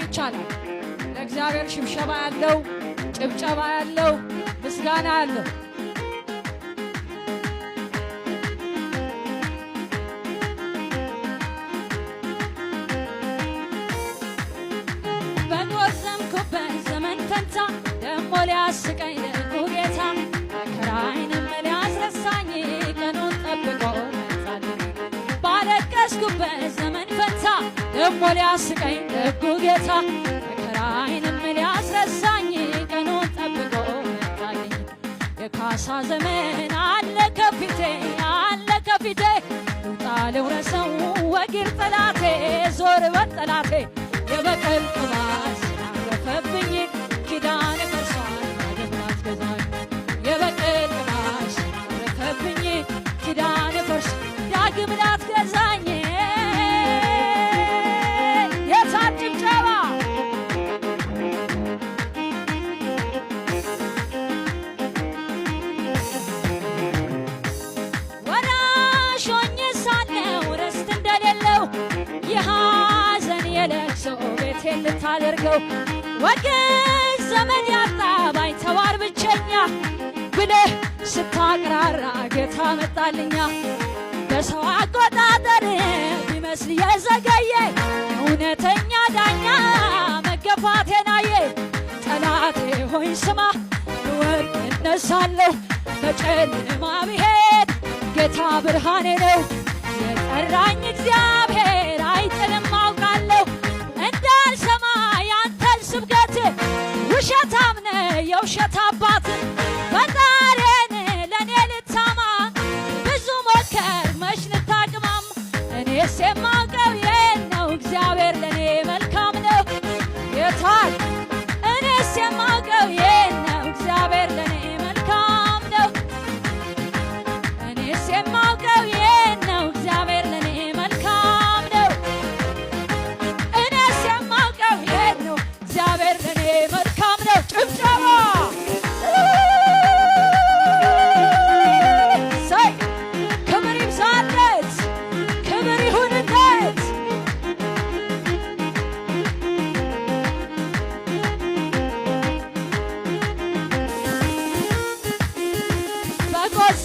መቆም ይቻላል። ለእግዚአብሔር ሽብሸባ ያለው ጭብጨባ ያለው ምስጋና ያለው በጦር ዘምኩበት ዘመን ፈንታ ደሞ ሊያስቀኝ ደግሞ ሊያስቀኝ ደጉ ጌታ መከራዬንም ሊያስረሳኝ ቀኑን ጠብቆ መጣልኝ የካሳ ዘመን አለ ከፊቴ ብቻዬን ልታደርገው ወገን ዘመን ያጣ ባይተዋር ብቸኛ ብለ ስታቅራራ ጌታ መጣልኛ በሰው አቆጣጠር ቢመስል የዘገየ እውነተኛ ዳኛ መገፋቴን አየ ጠላቴ ሆይ ስማ ልወድቅ እነሳለሁ በጨለማ ብሄድ ጌታ ብርሃኔ ነው የጠራ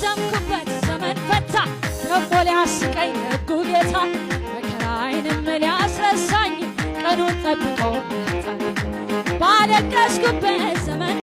በደምኩበት ዘመን ፈታ ደግሞ ሊያስቀኝ ሕጉ ጌታ መከራዬንም ሊያስረሳኝ ቀኑን ጠብቆ ባለቀስኩበት